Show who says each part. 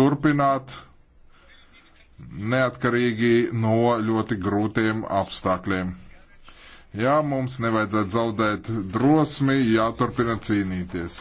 Speaker 1: turpināt neatkarīgi no ļoti grūtiem apstākļiem. Jā, mums nevajadzētu zaudēt drosmi,
Speaker 2: jāturpina cīnīties.